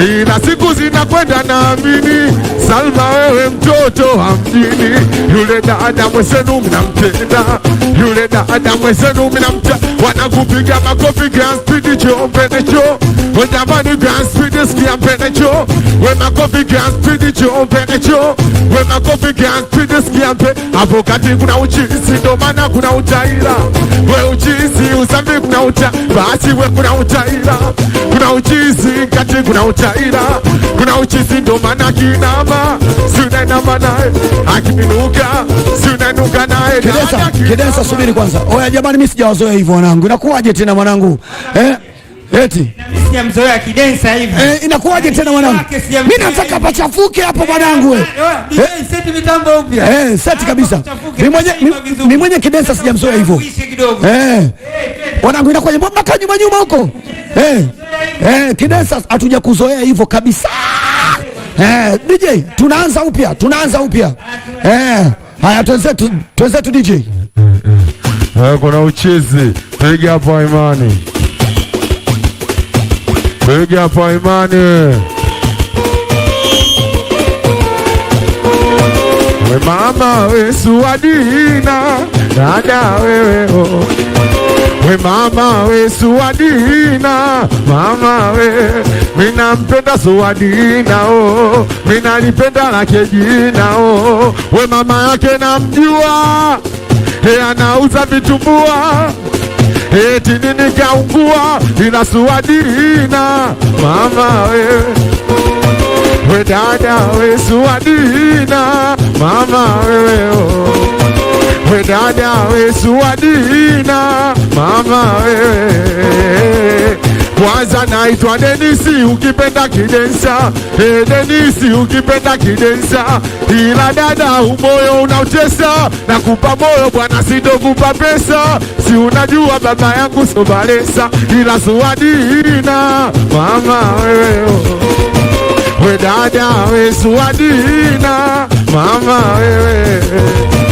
ina siku zinakwenda, naamini Salma, wewe mtoto wa mjini, yule dada mwenzenu mnampenda, yule dada mwenzenu mnamta, wanakupiga makofi, Grand Speed, chombe When the grants to speedy skin penetrate. When my coffee to the Joe penetrate. When my coffee grand speedy skin penetrate. Avocado kuna uchizi ndo maana kuna utaila. We uchizi usambi kuna uta. Basi we kuna utaila. Kuna uchizi kati kuna utaila. Kuna uchizi ndo maana kinama. Sina namba naye. Akiminuka sina nuka naye. Kedesa, kedesa subiri kwanza. Oya jamani mimi sijawazoea hivyo wanangu. Inakuwaje tena mwanangu? Eh? Eti. Na mimi sijamzoea kidensa hivi. Eh, inakuwaje tena mwanangu? Mimi nataka pachafuke hapo mwanangu wewe. Ah, ah, eh, seti mitambo upya. Eh, seti ah, kabisa. Mimi mwenye mimi mwenye kidensa sijamzoea hivyo. Eh. eh mwanangu inakuwaje mbona mnakaa nyuma nyuma huko? Eh. Eh, kidensa hatuja kuzoea hivyo kabisa. Eh, DJ, tunaanza upya, tunaanza upya. Eh, haya tuanze tuanze tu DJ. Eh, eh, eh. kuna uchezi. Piga hapo Imani. Piga kwa imani. We mama Yesu wa Dina, dada wewe o. Oh. We mama Yesu wa Dina, mama we. Mina mpenda Yesu wa Dina o. Oh. Mina lipenda lake kejina o. Oh. We mama yake namjua. He anauza vitumbua eti nini kaungua inasuadina mama we we dada we suadina mama wewe oh. we dada we suadina mama wewe kwanza naitwa Denisi, ukipenda kidensa. e Denisi ukipenda kidensa, ila dada umoyo unautesa, na kupa moyo bwana, sitokupa pesa. Si unajua baba yangu sobalesa, ila suadina mama wewe, we dada we suadina mama wewe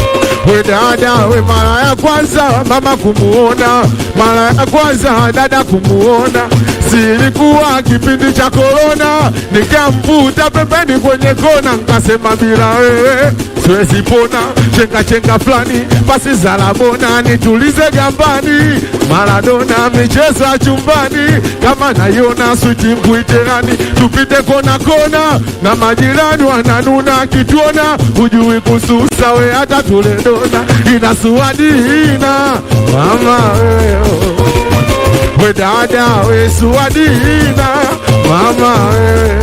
we dada we, mara ya kwanza mama kumuona, mara ya kwanza dada kumuona, silikuwa kipindi cha korona, nikamvuta pembeni kwenye kona, nkasema bila wewe siwezi pona, chenga chenga fulani basi zarabona, nitulize gambani, Maradona michezo ya chumbani, kama naiona switi mkuiterani, tupite kona kona, na majirani wananuna, kituona hujui kususa we hata tuledo Barcelona inasua dina, mama eh, oh. we dada we sua dina, mama eh.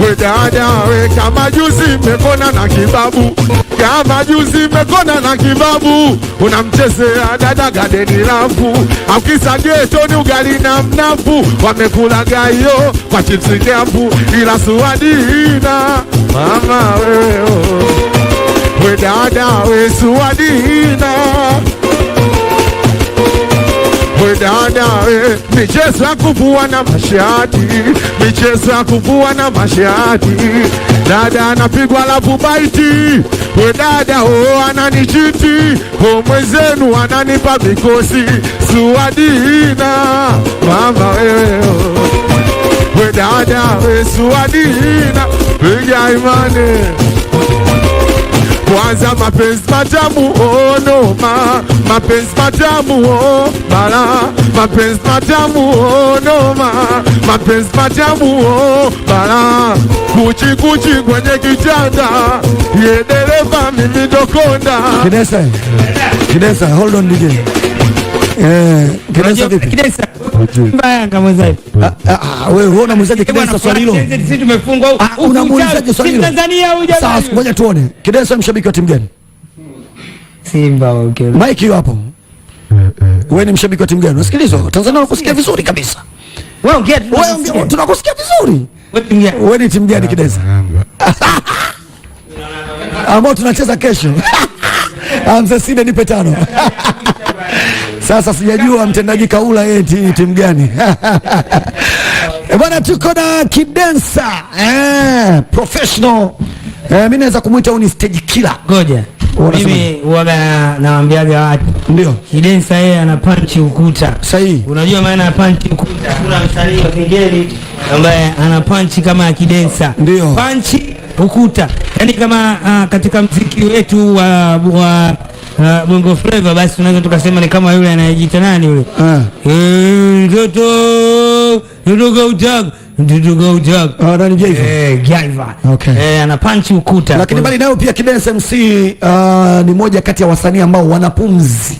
we dada we, kama juzi mekona na kibabu, kama juzi mekona na kibabu, unamchezea dada gadeni rafu, akisa getoni ugali na mnafu, wamekulaga hiyo kwa chipsi gapu, ila sua dina, mama wewe eh, oh we dada wesu wa we dada we michezo ya kuvua na mashati, michezo ya kuvua na mashati, dada anapigwa lafu baiti, we dada o ananichiti, o mwenzenu ananipa mikosi, suwadina mama wewe we dada wesuwadina piga imani kwanza mapenzi matamu oh, mapenzi matamu oh, bala, mapenzi matamu oh, mapenzi matamu oh, bala, kuchi kuchi kwenye kitanda, ye dereva mimi dokonda. Kidesa, Kidesa, hold on DJ. Eh, Ngoja eh, eh, ah, ah, ah, tuone Kidensa mshabiki wa timu gani? Simba. Mike hapo. Wewe ni mshabiki wa timu gani? Unasikilizwa? Tanzania wanakusikia vizuri kabisa. Tunakusikia vizuri. Wewe ni timu gani Kidensa? Ambao tunacheza kesho. Amza sida nipe tano. Sasa sijajua mtendaji Kaula yeye timu gani? Eh, bwana, tuko na kidensa eh, professional eh, mimi naweza kumwita huyu ni stage killer. Ngoja mimi wana nawaambiaga watu ndio kidensa, yeye ana punch ukuta. Sahihi, unajua maana ya punch ukuta? Kuna msanii wa kigeni ambaye ana punch kama ya kidensa, ndio punch ukuta, yaani kama uh, katika mziki wetu wa, wa na ah, Bongo Flava, basi tunaweza tukasema ni kama yule anayejita nani yule, mtoto ndugu utaga ndugu utaga ndani jaiva eh ah, eh, eh, ana punch ukuta. Lakini bali nayo pia smc MC ah, ni moja kati ya wasanii ambao wanapumzi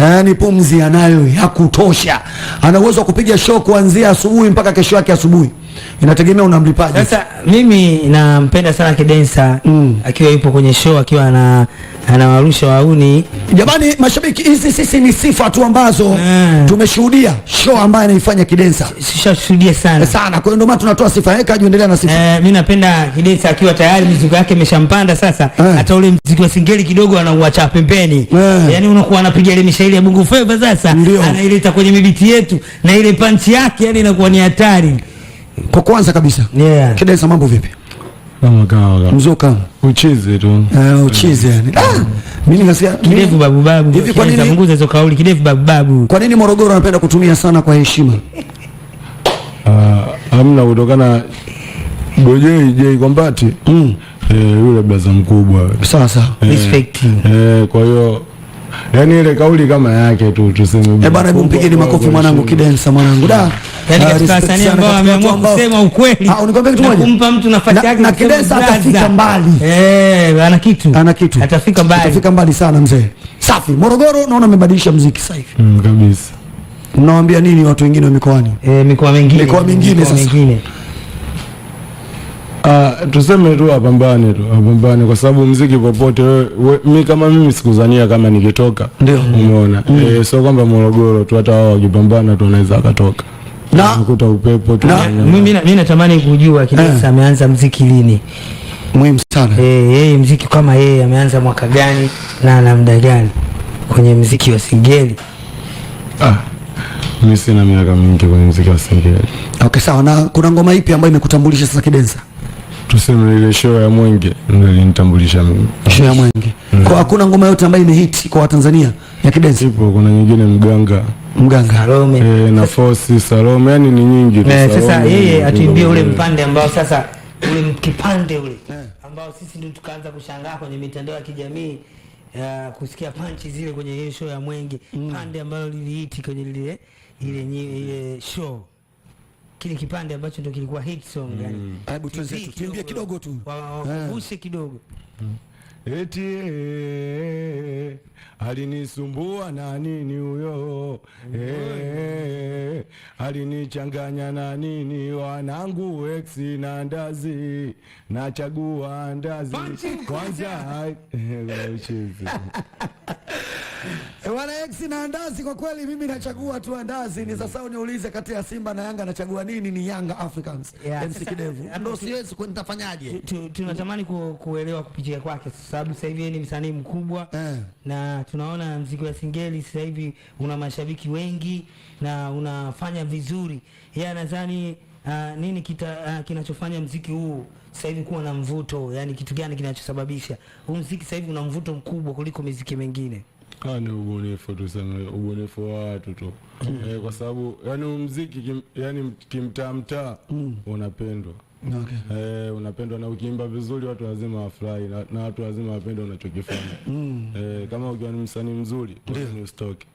yaani eh, pumzi anayo ya kutosha, ana uwezo wa kupiga show kuanzia asubuhi mpaka kesho yake asubuhi inategemea unamlipaje. Sasa mimi nampenda sana Kidensa mm. akiwa yupo kwenye show akiwa ana anawarusha wauni. Jamani mashabiki, hizi sisi ni sifa tu ambazo mm. tumeshuhudia show ambayo anaifanya Kidensa, tumeshuhudia sana sana, kwa hiyo ndio maana tunatoa sifa yake, ajiendelea na sifa eh. Mimi napenda Kidensa akiwa tayari mizigo yake imeshampanda sasa, eh. hata ule mziki wa singeli kidogo anauacha pembeni eh. Yani unakuwa anapiga ile mishairi ya Bongo Flava sasa, anaileta kwenye mibiti yetu na ile panchi yake, yani inakuwa ni hatari. Kwa kwanza kabisa yeah. Kidensa, mambo vipi? Kama kama mzuka ucheze tu eh, ucheze yani. Eh. Ah, mimi nasikia kidevu babu babu, hivi kwa nini punguza hizo kauli kidevu babu babu? Kwa nini Morogoro anapenda kutumia sana kwa heshima? Ah, amna kutokana Bojei Jei Kombati mm. Eh, yule blaza mkubwa sawa sawa, respect eh, eh, kwa hiyo yani ile kauli kama yake tu tuseme, eh bana, hebu mpigeni makofi mwanangu Kidensa mwanangu da yani ah, katika wasanii ambao wameamua kusema ukweli Ah, unikwambia kitu moja, kumpa mtu nafasi yake, na Kidensa atafika mbali eh, ana kitu, ana kitu, atafika mbali, atafika mbali sana mzee. Safi, Morogoro naona amebadilisha muziki sasa hivi mm, kabisa. Mnawaambia nini watu wengine wa mikoani, eh, mikoa mingine, mikoa mingine sasa mingine Uh, tuseme tu apambane tu apambane, kwa sababu mziki popote wewe, mimi kama mimi sikuzania kama nikitoka, umeona mm. E, eh, so kwamba Morogoro tu, hata wao wakipambana tu wanaweza akatoka na nakuta upepo tu. Mimi mimi natamani kujua Kidusa eh. ameanza muziki lini, muhimu sana eh, yeye muziki kama yeye ameanza mwaka gani na na muda gani kwenye muziki wa singeli? Ah, mimi sina miaka mingi kwenye muziki wa singeli. Okay, sawa. Na kuna ngoma ipi ambayo imekutambulisha sasa kidensa? Tuseme ile show ya Mwenge ndio ilinitambulisha mimi. Show ya Mwenge. Mm. Kwa hakuna ngoma yote ambayo imehiti kwa Watanzania ya kidensi ipo, kuna nyingine mganga mganga Salome e, na Fosi Salome, yani ni nyingi tu. Eh, sasa yeye atuimbie ule mpande ambao sasa ule kipande ule ambao sisi ndio tukaanza kushangaa kwenye mitandao ya kijamii ya kusikia panchi zile kwenye ile show ya Mwenge mm. pande ambalo liliiti kwenye ile ile ile show kile kipande ambacho ndio kilikuwa hit song mm. yani, hebu tuanze tuimbie kidogo tu, eh. wavushe kidogo mm eti eh, alinisumbua na nini huyo eh, alinichanganya na nini wanangu ex na ndazi, nachagua ndazi kwanza eh, Wana eksi na ndazi kwa kweli, mimi nachagua tu andazi. Ni sasa uniulize kati ya Simba na Yanga nachagua nini? Ni Yanga Africans, MC Kidevu, ndio siwezi, nitafanyaje? Tunatamani kuelewa kupitia kwake sababu sasa hivi ni msanii mkubwa eh, na tunaona mziki wa Singeli sasa hivi una mashabiki wengi na unafanya vizuri. Yeye nadhani uh, ah, nini kita, uh, kinachofanya mziki huu sasa hivi kuwa na mvuto, yani kitu gani kinachosababisha huu mziki sasa hivi una mvuto mkubwa kuliko miziki mingine? Ha, ah, ni ubunifu tu sana, ubunifu wa watu tu mm. Eh, kwa sababu yani mziki kim, yani kimtaa mtaa mm. unapendwa okay. Eh, unapendwa na ukiimba vizuri watu lazima wafurahi na, na watu lazima wapende unachokifanya mm. Eh, kama ukiwa ni msanii mzuri usitoke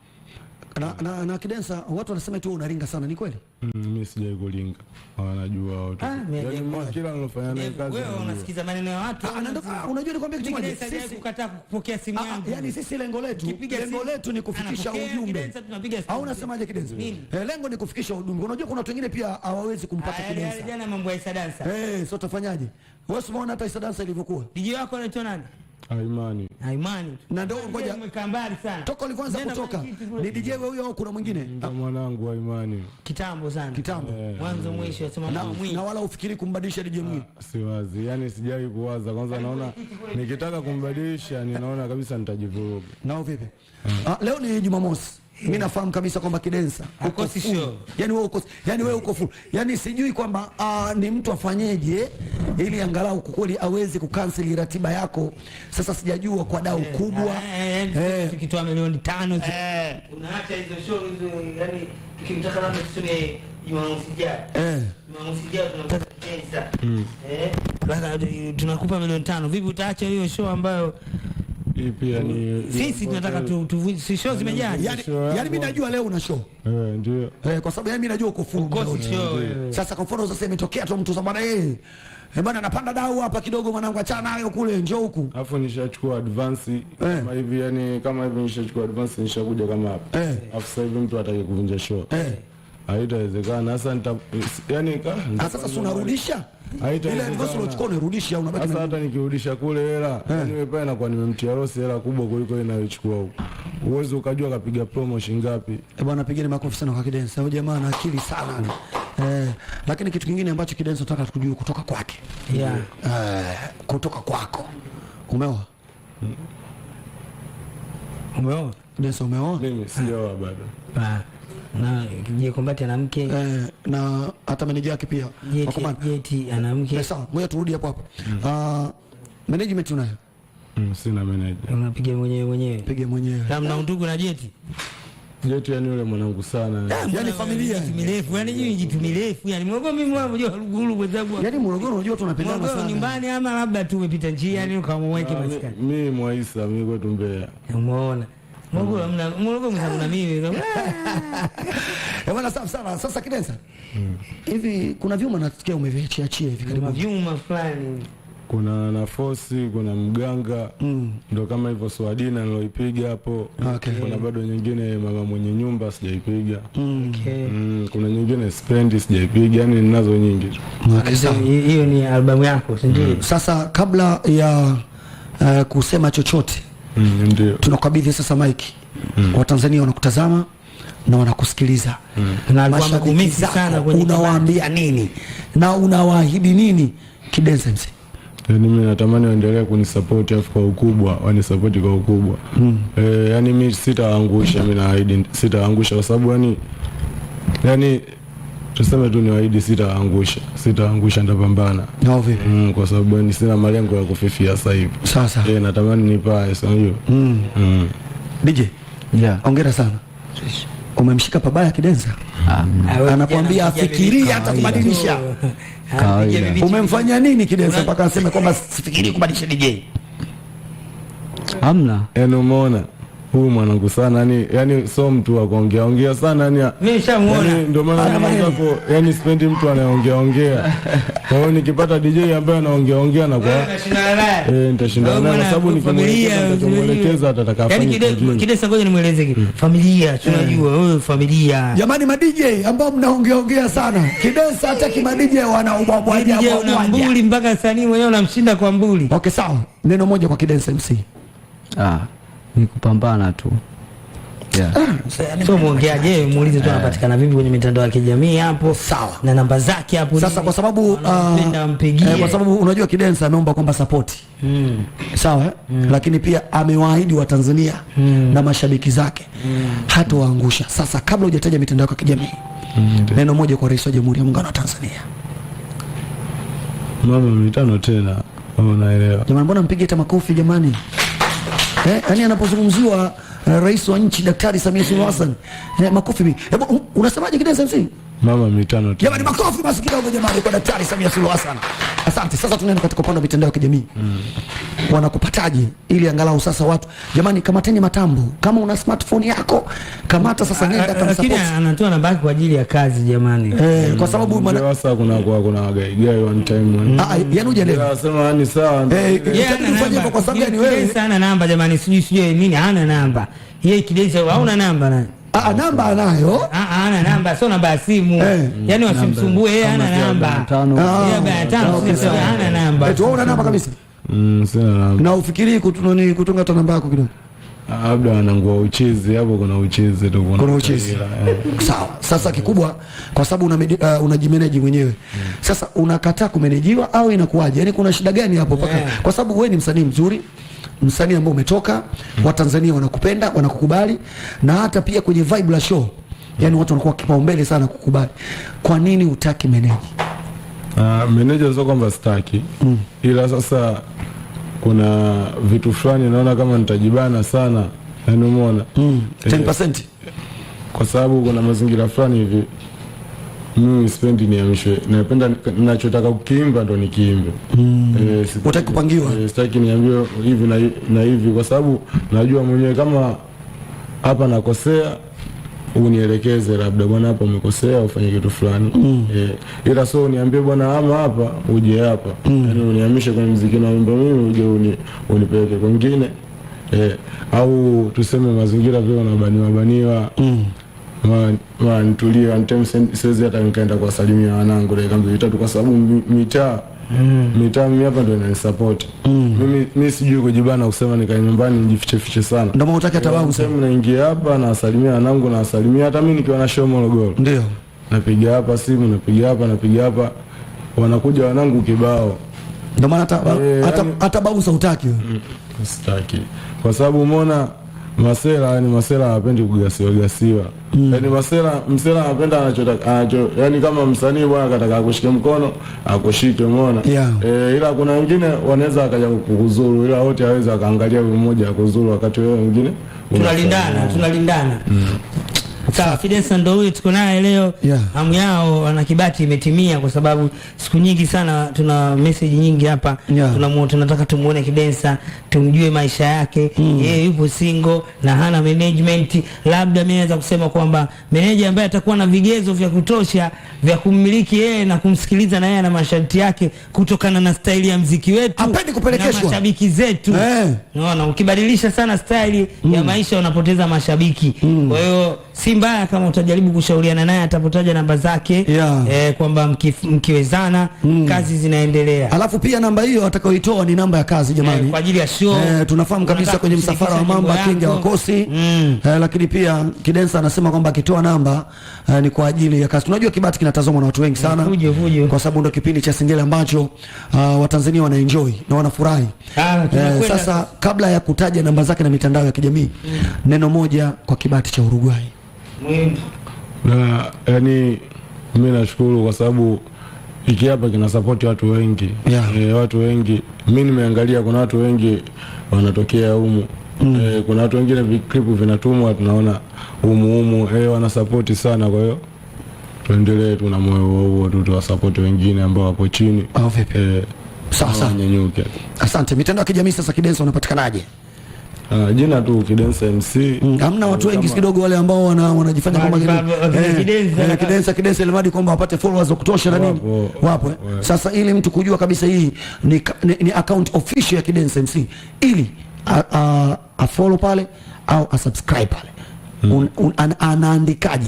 na, na, na kidensa watu wanasema tu unaringa sana, ni kweli? Mm, mimi sijai kulinga, wanajua watu, ah, yani kila nilofanya naye yaani kazi, wewe unasikiza maneno ya watu. Ah, unajua ni kwambia kitu kimoja, sisi kukataa kupokea simu ah, yangu, yani sisi lengo letu lengo letu ni kufikisha ujumbe, au unasemaje kidensa? Eh, lengo ni kufikisha ujumbe. Unajua kuna watu wengine pia hawawezi kumpata kidensa. Jana yaani, yaani, mambo ya Isa Dansa, eh, sio, tafanyaje? Wewe umeona hata Isa Dansa ilivyokuwa, DJ wako anaitwa nani? Haimani. Haimani. Na ndio ngoja mmekaa mbali sana. Toka ulianza kutoka. Ni DJ huyo au kuna mwingine? Ndio mwanangu Haimani. Kitambo sana. Kitambo. Eh. Mwanzo mwisho sema na, na wala ufikiri kumbadilisha DJ mwingine. Ah, si wazi. Yaani sijawahi kuwaza. Kwanza naona nikitaka kumbadilisha ninaona kabisa nitajivuruga. Nao vipi? Eh. Ah, leo ni Jumamosi. Eh. Mimi nafahamu kabisa kwamba kidensa uko full. Yaani wewe uko yaani wewe uko full. Yaani sijui kwamba uh, ni mtu afanyeje ili angalau kweli aweze kukanseli ratiba yako. Sasa sijajua kwa dau eh, kubwa. Eh, Kitu milioni tano. Unaacha hizo show hizo yaani tukimtaka labda tuseme Jumamosi ijayo. Eh. Jumamosi ijayo tunapata hmm. Eh. Tunakupa milioni tano. Vipi utaacha hiyo show ambayo hii pia sisi tunataka tu, tu si show zimejaa. Yaani yaani mimi najua leo una show. Eh, ndio. Eh, kwa sababu yaani mimi najua uko full. uko show eh, eh. Sasa kwa mfano sasa imetokea tu mtu sasa bwana yeye eh, eh, bwana anapanda dau hapa kidogo mwanangu, achana nayo kule, njoo huku. Alafu nishachukua advance kama hivi yani kama hivi nishachukua advance nishakuja kama hapa. Alafu sasa hivi mtu atake kuvunja show. Eh. Haitawezekana. Sasa nita yani ah, sasa unarudisha? ile advance unachukua unarudisha, unabaki sasa. Hata nikirudisha kule hela eh. niwe yaani pale na kwa nimemtia Rose hela kubwa kuliko ile inayochukua huko, uwezo ukajua kapiga promotion ngapi? E bwana, pigeni makofi sana kwa Kidensa, huyo jamaa ana akili sana. Eh, lakini kitu kingine ambacho Kidensa nataka tukujue kutoka kwake yeah. Eh, kutoka kwako umeoa umeoa Kidensa, umeoa? Mimi sijaoa bado. ah na je kombati ana mke eh, na hata meneja yake pia Jeti ana mke. Eh, sasa, ngoja turudi hapo hapo. mm. uh, Management unayo? mm, Sina manager. Unapiga mwenyewe mwenyewe? Piga mwenyewe. Na mna ndugu na Jeti? Jeti yani yule mwanangu sana. Eh, yani familia. Mirefu, yani yeye jitu mirefu. yani Morogoro mimi mwanangu unajua huruguru kwa sababu. yani Morogoro unajua tunapendana sana. Nyumbani ama labda tu umepita njia yani mm. ukamweke basi. Mimi Mwaisa, mimi kwetu Mbeya. Umeona? Eh, bwana safi sana. Sasa kidensa. Hmm. Hivi kuna vyuma nasikia umeviachiachia hivi karibu. Vyuma fulani. Kuna nafosi, kuna mganga. Mm. kama hivyo Swadina niloipiga hapo. Okay. Kuna bado nyingine mama mwenye nyumba sijaipiga. Hmm. Okay. Mm, kuna nyingine spendi sijaipiga, yani ninazo nyingi Okay. Hiyo ni albamu yako, Mm. Sasa kabla ya uh, kusema chochote mm, tunakabidhi sasa maiki mm. Watanzania wanakutazama na wanakusikiliza mm. na mashabiki sana, unawaambia nini na unawaahidi nini Kidenza mzee? Eh, yaani mimi natamani waendelee kunisapoti, afu kwa ukubwa wanisapoti kwa ukubwa mm. E, yani mi sitaangusha, mi naahidi sitaangusha kwa sababu yani yani Tuseme tu niwaahidi, sitawaangusha, sitaangusha nitapambana no, mm, kwa sababu ni sina malengo ya kufifia sasa hivi. Sasa eh, natamani nipae, si unajua mm. mm. DJ yeah. ongera sana umemshika pabaya kidenza mm. Ah. anakuambia afikiria hata kubadilisha umemfanya nini kidenza mpaka aseme kwamba sifikirii kubadilisha DJ hamna, yaani umeona huyu mwanangu sana yani, yani so mtu wa kuongea ongea sana yani, nishamuona yani, ndio maana mwanangu yani sipendi mtu anayeongea ongea. Kwa hiyo nikipata DJ ambaye anaongea ongea na kwa eh, nitashinda naye kwa sababu nikimwelekeza atataka yani kidogo kide Ngoja nimueleze kitu hmm. familia, eh. tunajua wewe familia. Jamani, ma DJ ambao mnaongea ongea sana kidesa, hata kima DJ wana ubwabwaji wa mbuli, mpaka sanii mwenyewe unamshinda kwa mbuli. Okay, sawa, neno moja kwa kidensa MC ah ni kupambana tu. Yeah. Ah, so mwongeaje, muulize tu eh. anapatikana vipi kwenye mitandao ya kijamii hapo, sawa na namba zake hapo. Sasa kwa sababu uh, kwa sababu unajua Kidensa ameomba kwamba support mm. sawa eh? mm. lakini pia amewaahidi Watanzania mm. na mashabiki zake mm. hata waangusha. Sasa kabla hujataja mitandao ya kijamii mm. neno moja kwa Rais wa Jamhuri ya Muungano wa Tanzania, mama mitano tena, unaelewa jamani, mbona mpige hata makofi jamani eh, yani anapozungumziwa uh, rais wa nchi Daktari Samia Suluhu Hassan eh, makofi. Hebu unasemaje kidensa mama mitano tu. Jamani, makofi basi kidogo jamani kwa Daktari Samia Suluhu Hassan. Asante. Sasa tunaenda katika upande wa mitandao ya kijamii mm. Wanakupataje ili angalau sasa watu jamani, kamateni matambo. Kama una smartphone yako kamata sasa, nenda kama support. Lakini anatoa nabaki kwa ajili ya kazi jamani, eh, kwa sababu hmm. maana sasa kuna kwa kuna gai gai one time one. Ah, ah yani hujaelewa. Nasema yani sawa. Eh, eh fanye kwa sababu yani wewe sana namba jamani, sijui sijui nini, hana namba yeye au hauna namba nani Ah, ah, namba anayo. Ah, ah, ana namba, sio namba ya simu. Eh. Yaani wasimsumbue yeye, ana namba. Ana namba. Ah. Eti eh, wewe una namba kabisa? Mm, sina namba. Na ufikiri kutunoni kutunga hata namba yako kidogo. Labda nguo uchezi hapo, kuna uchezi tu, kuna uchezi eh. sawa. Sasa kikubwa, kwa sababu una uh, unajimeneji mwenyewe Sasa unakataa kumenejiwa au inakuwaje? Yaani kuna shida gani hapo mpaka yeah? Kwa sababu wewe ni msanii mzuri msanii ambao umetoka, Watanzania wanakupenda, wanakukubali na hata pia kwenye vibe la show yani watu wanakuwa kipaumbele sana kukubali. Kwa nini utaki meneja? Uh, meneja sio kwamba sitaki mm. Ila sasa kuna vitu fulani naona kama nitajibana sana, yani umeona mm. 10% kwa sababu kuna mazingira fulani hivi mimi sipendi niamshwe. Napenda ninachotaka kukiimba ndo nikiimbe. Mm. Eh, sitaki kupangiwa. E, sitaki niambiwe hivi na, na hivi kwa sababu najua mwenyewe kama hapa nakosea unielekeze labda bwana, hapa umekosea, ufanye kitu fulani mm. E, ila so uniambie bwana, ama hapa uje hapa mm. Yani unihamishe kwenye mziki na wimbo, mimi uje uni, unipeleke kwingine e, au tuseme mazingira vile unabaniwa baniwa mm nitulie antem, siwezi hata nikaenda kuwasalimia wanangu dakika mbili tatu, kwa sababu mitaa mm. mitaa mimi hapa ndio inanisapoti mm. mimi mimi sijui kujibana kusema nikae nyumbani nijifiche fiche sana, ndio maana utaki hata wao sema naingia hapa na wasalimia wanangu na wasalimia hata mimi nikiwa na show Morogoro, ndio napiga hapa simu napiga hapa napiga hapa, wanakuja wanangu kibao, ndio maana hata eh, hata hata babu sautaki, mm, sitaki kwa sababu umeona Masela yani Masela hapendi kugasiwa gasiwa. Mm. Yani Masela Msela anapenda anachotaka anacho, yani kama msanii bwana akataka akushike mkono, akushike umeona. Yeah. E, ila kuna wengine wanaweza akaja kukuzuru ila wote hawezi akaangalia mmoja akuzuru wakati wewe mwingine. Tunalindana, tunalindana. Mm. Sawa, Fidensa ndo huyu tuko naye leo yeah. Hamu yao wanakibati imetimia kwa sababu siku nyingi sana tuna message nyingi hapa yeah. Tuna, tunataka tumuone Kidensa tumjue maisha yake mm. Yeye yupo single na hana management, labda mimi naweza kusema kwamba meneja ambaye atakuwa na vigezo vya kutosha vya kumiliki yeye na kumsikiliza na yeye na masharti yake, kutokana na staili ya mziki wetu na mashabiki zetu hey. Eh. Unaona, ukibadilisha sana staili mm. ya maisha unapoteza mashabiki mm. kwa hiyo si mbaya kama utajaribu kushauriana naye atapotaja namba zake yeah. E, kwamba mkiwezana mm. kazi zinaendelea. Alafu pia namba hiyo atakayoitoa ni namba ya kazi eh, jamani, e, kwa ajili ya show e, tunafahamu kabisa kwenye msafara wa Mamba Kingi wakosi mm. e, lakini pia Kidensa anasema kwamba akitoa namba e, ni kwa ajili ya kazi. Tunajua Kibati kinatazamwa na watu wengi sana mm, huje, huje. kwa sababu ndio kipindi cha Singeli ambacho uh, Watanzania wanaenjoy na wanafurahi e, sasa kabla ya kutaja namba zake na mitandao ya kijamii mm. neno moja kwa Kibati cha Uruguay na yani, mi nashukuru kwa sababu hiki hapa kina sapoti watu wengi yeah. E, watu wengi mi nimeangalia, kuna watu wengi wanatokea humu mm. E, kuna watu wengine viklipu vinatumwa tunaona humuhumu e, eh, wanasapoti sana, kwa hiyo tuendelee, tuna moyo huo tu, tuwasapoti wengine ambao wapo chini. Oh, sawa sawa, nyanyuke. Asante. Mitandao ya kijamii sasa, Kidensa unapatikanaje? Uh, jina tu kidensa MC mm, hamna mm, watu wengi kidogo wale ambao wanajifanya kama kidensa eh, eh, kidensa kidensa ili mradi kwamba wapate followers wa kutosha na nini wapo eh? Sasa ili mtu kujua kabisa hii ni, ni, ni account official ya kidensa MC ili a, a, a follow pale au a subscribe pale mm. an, anaandikaje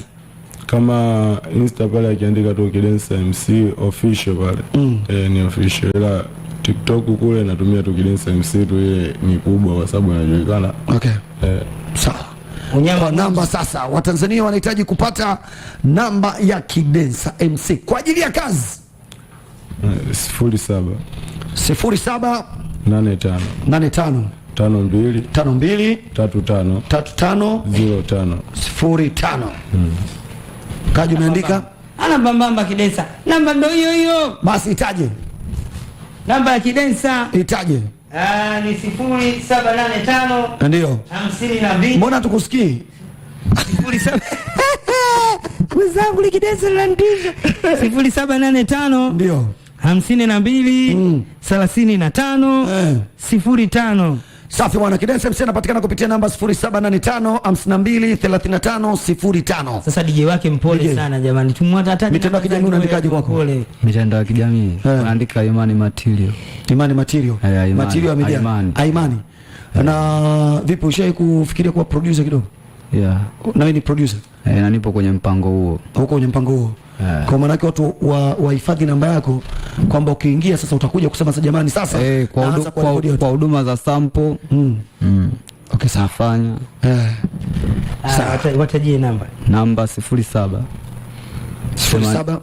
kama Insta pale akiandika tu kidensa MC official pale mm. eh, ni official ila TikTok kule natumia MC tu, ile ni kubwa kwa sababu inajulikana. Okay. Eh. Sawa. Kwa namba sasa, Watanzania wanahitaji kupata namba ya Kidensa MC kwa ajili ya kazi. Eh, sifuri saba sifuri saba nane tano nane tano tano mbili tano mbili tatu tano tatu tano zero tano sifuri tano. Hmm. Kaji umeandika? Ana mbambamba Kidensa, namba ndio hiyo hiyo. Basi itaje namba ya kidensa itaje? Ah, ni 0785 ndio 52. Mbona tukusikii? Wenzangu likidensa la mtisho 0785 ndio hamsini na mbili thelathini na tano eh. sifuri tano Safi bwana. Kidensa MC anapatikana kupitia namba 0785523505. Sasa DJ wake mpole DJ sana jamani. Tumwata hata mitandao ya kijamii unaandikaje eh. kwako? Pole. Mitandao ya kijamii unaandika Imani Material. Imani Material. Eh, Imani Material ya Imani. Imani. Yeah. Na vipi ushai kufikiria kuwa producer kidogo? Yeah. Na wewe ni producer? Eh, na nipo kwenye mpango huo. Huko kwenye mpango huo yeah. Kwa maana watu wa wahifadhi namba yako kwamba ukiingia sasa utakuja kusema sasa jamani sasa hey, eh, kwa, udu, kwa, kwa huduma za sampo mm. mm. Okay, safanya yeah. Eh. Sa watajie namba namba Mm.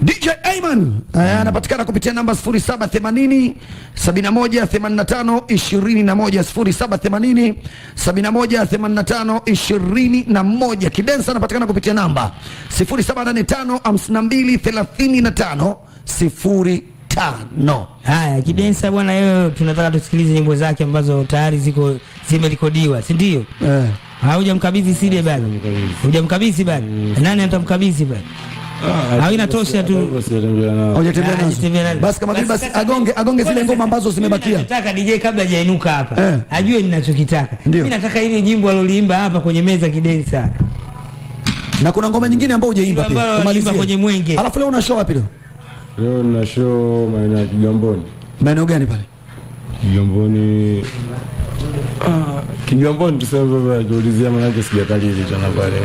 DJ Ayman eh, mm. anapatikana kupitia namba sifuri saba themanini sabini moja na tano ishirini na moja sifuri saba themanini sabini moja themanini na tano ishirini na moja Kidensa anapatikana kupitia namba sifuri saba nane tano mbili thelathini na tano sifuri tano. Haya, Kidensa bwana, yeye tunataka tusikilize nyimbo zake ambazo tayari ziko zimerekodiwa, si ndio? Eh. Haujamkabidhi Side bado. Hujamkabidhi bado. Mm. Nani atamkabidhi bado? Ah, inatosha tu. Hujatembea nazo. Ah, basi kama basi agonge agonge zile ngoma ambazo zimebakia. Nataka DJ kabla hajainuka hapa. Eh. Ajue ninachokitaka. Mimi nataka ile nyimbo aloliimba hapa kwenye meza Kidensa. Na kuna ngoma nyingine ambayo hujaimba pia. Tumalizie kwenye mwenge. Alafu leo una show wapi leo? Leo na show maeneo ya Kigamboni. Maeneo gani pale? Kigamboni. Ah, Kigamboni tuseme sasa tuulizia maana yake sijakalili tena pale.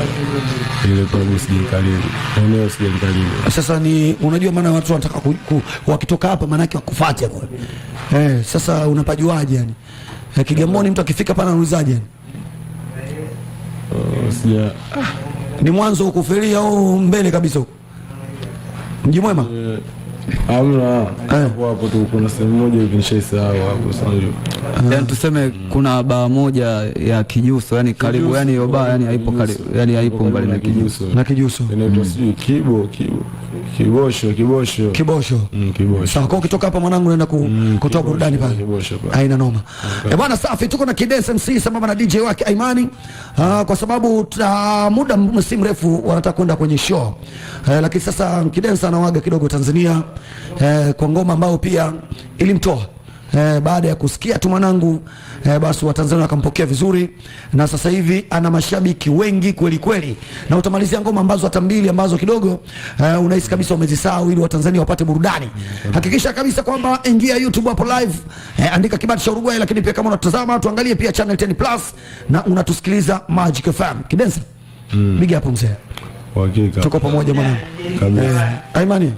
Ile kwa pale sijakalili. Maeneo sijakalili. Sasa ni unajua maana watu wanataka wakitoka hapa maana yake wakufuate kwa. Eh, sasa unapajuaje yani? Eh, Kigamboni mtu akifika pale anaulizaje yani? Oh, sija. Ah, Ni mwanzo ukufelia au mbele kabisa huko? Mji mwema? Yeah. Amna. Kwa Hapo tu kuna sehemu moja hivi nishaisahau hapo sasa. Yaani ah. tuseme kuna baa moja ya Kijuso, yani karibu yani hiyo baa yani haipo karibu yani haipo mbali na Kijuso. Na Kijuso. Inaitwa sijui Kibo Kibo. Kibosho, Kibosho. Kibosho. Mm, Kibosho. Sawa, kwa ukitoka hapa mwanangu naenda ku, mm, kutoa burudani pale. Kibosho pale. Haina noma. Okay. Eh, bwana safi tuko na Kidesi MC sambamba na DJ wake aimani Ah, kwa sababu ta, muda si mrefu wanataka kwenda kwenye show. Eh, lakini sasa Kidesi anawaga kidogo Tanzania eh, kwa ngoma ambayo pia ilimtoa eh, baada ya kusikia tu mwanangu eh, basi Watanzania wakampokea vizuri, na sasa hivi ana mashabiki wengi kweli kweli, na utamalizia ngoma ambazo hata mbili ambazo kidogo eh, unahisi kabisa umezisahau, ili Watanzania wapate burudani. Hakikisha kabisa kwamba ingia YouTube hapo live eh, andika kibati cha Uruguay, lakini pia kama unatazama tuangalie pia Channel 10 Plus na unatusikiliza Magic FM Kidensa, mm. big hapo mzee Hakika. Tuko pamoja mwanangu. Kabisa. Eh, Aimani.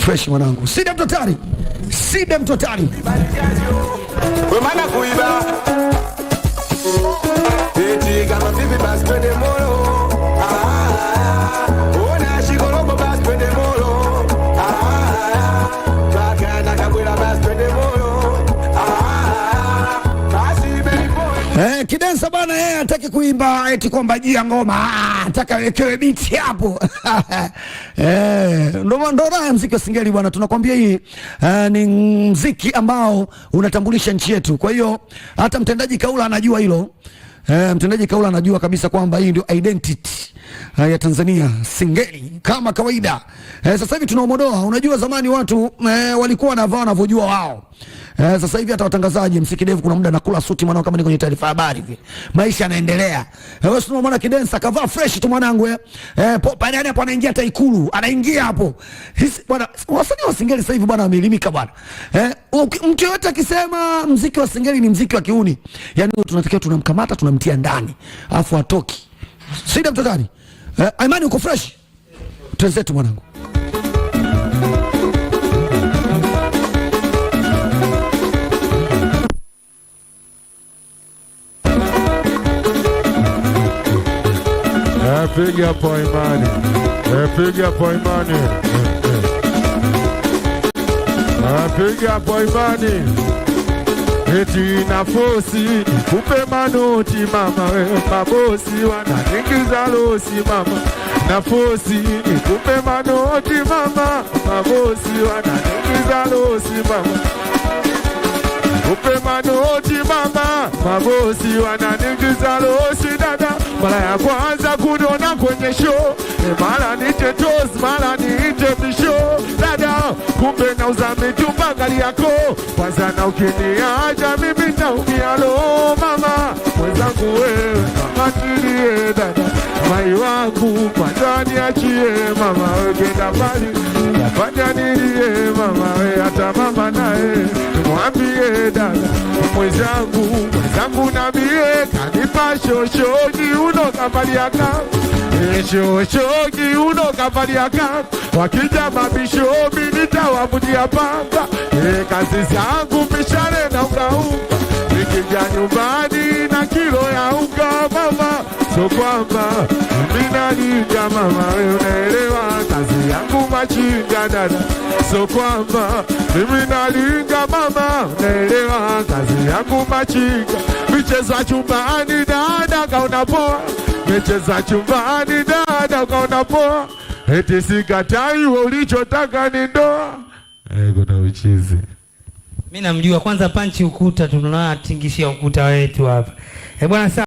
Fresh mwanangu. Sida mtotari. Sida mtotari. Kwa maana kuiba. Eti kama vipi basi twende moyo. dansa bwana, yeye hataki kuimba eti kwamba juu ya ngoma, anataka ah, wekewe biti hapo. Eh, ndo ndo raha mziki wa Singeli bwana, tunakwambia hii eh, ni mziki ambao unatambulisha nchi yetu. Kwa hiyo hata mtendaji Kaula anajua hilo. E, mtendaji Kaula anajua kabisa kwamba hii ndio identity e, ya Tanzania singeli kama kawaida. E, sasa hivi tunaomodoa. Unajua zamani watu e, walikuwa wanavaa wanavyojua wao. Eh, sasa hivi hata watangazaji msikidevu kuna muda nakula suti mwanao, kama ni kwenye taarifa habari hivi, maisha yanaendelea. Eh, wewe sio mwana kidensa kavaa fresh tu mwanangu eh. Eh, popa ndani hapo anaingia taikulu, anaingia hapo. Hisi Bwana, wasanii wa singeli sasa hivi bwana wameelimika bwana. Eh, mtu yote akisema mziki wa singeli ni mziki wa kiuni. Yaani tunatakiwa tunamkamata tuna unamtia ndani afu atoki sida mtu gani? Eh, Imani uko fresh, twenzetu mwanangu. Eh, piga hapo Imani, eh, piga hapo Imani, eh, piga hapo Imani eti nafosi upe manoti mama we mabosi wananingiza losi mama nafosi upe manoti mama mabosi wananingiza losi mama upema noti mama, mabosi wananingiza losi dada, mara ya kwanza kuniona kwenye show e, mara niite tosi, mara niite misho dada, kumbe na mitumba gari yako kwanza, na ukiniacha mimi nitaumia. Lo mama mwenzangu, wewe kamakilie dada, mai wangu kwanza niachie mama, wekenda mbali fanya nilie eh, mama we, eh, hata mama naye mwambie dada mwenzangu, mwenzangu nabie kanipa shoshogi uno kavaliaka eh, shoshogi uno kavaliaka, wakija mabishobi nitawavutia pamba kazi zangu mishale na unga nikija nyumbani na kilo ya unga mama, so kwamba nalinga mama, we unaelewa kazi yangu machinga dada, so kwamba mimi nalinga mama, unaelewa kazi yangu machinga, micheza chumbani dada, kaona poa, micheza chumbani dada, kaona poa, eti sikatai, ulichotaka ni ndoa. Eh, kuna uchizi mimi namjua kwanza, panchi ukuta, tingishia ukuta wetu hapa. Eh bwana.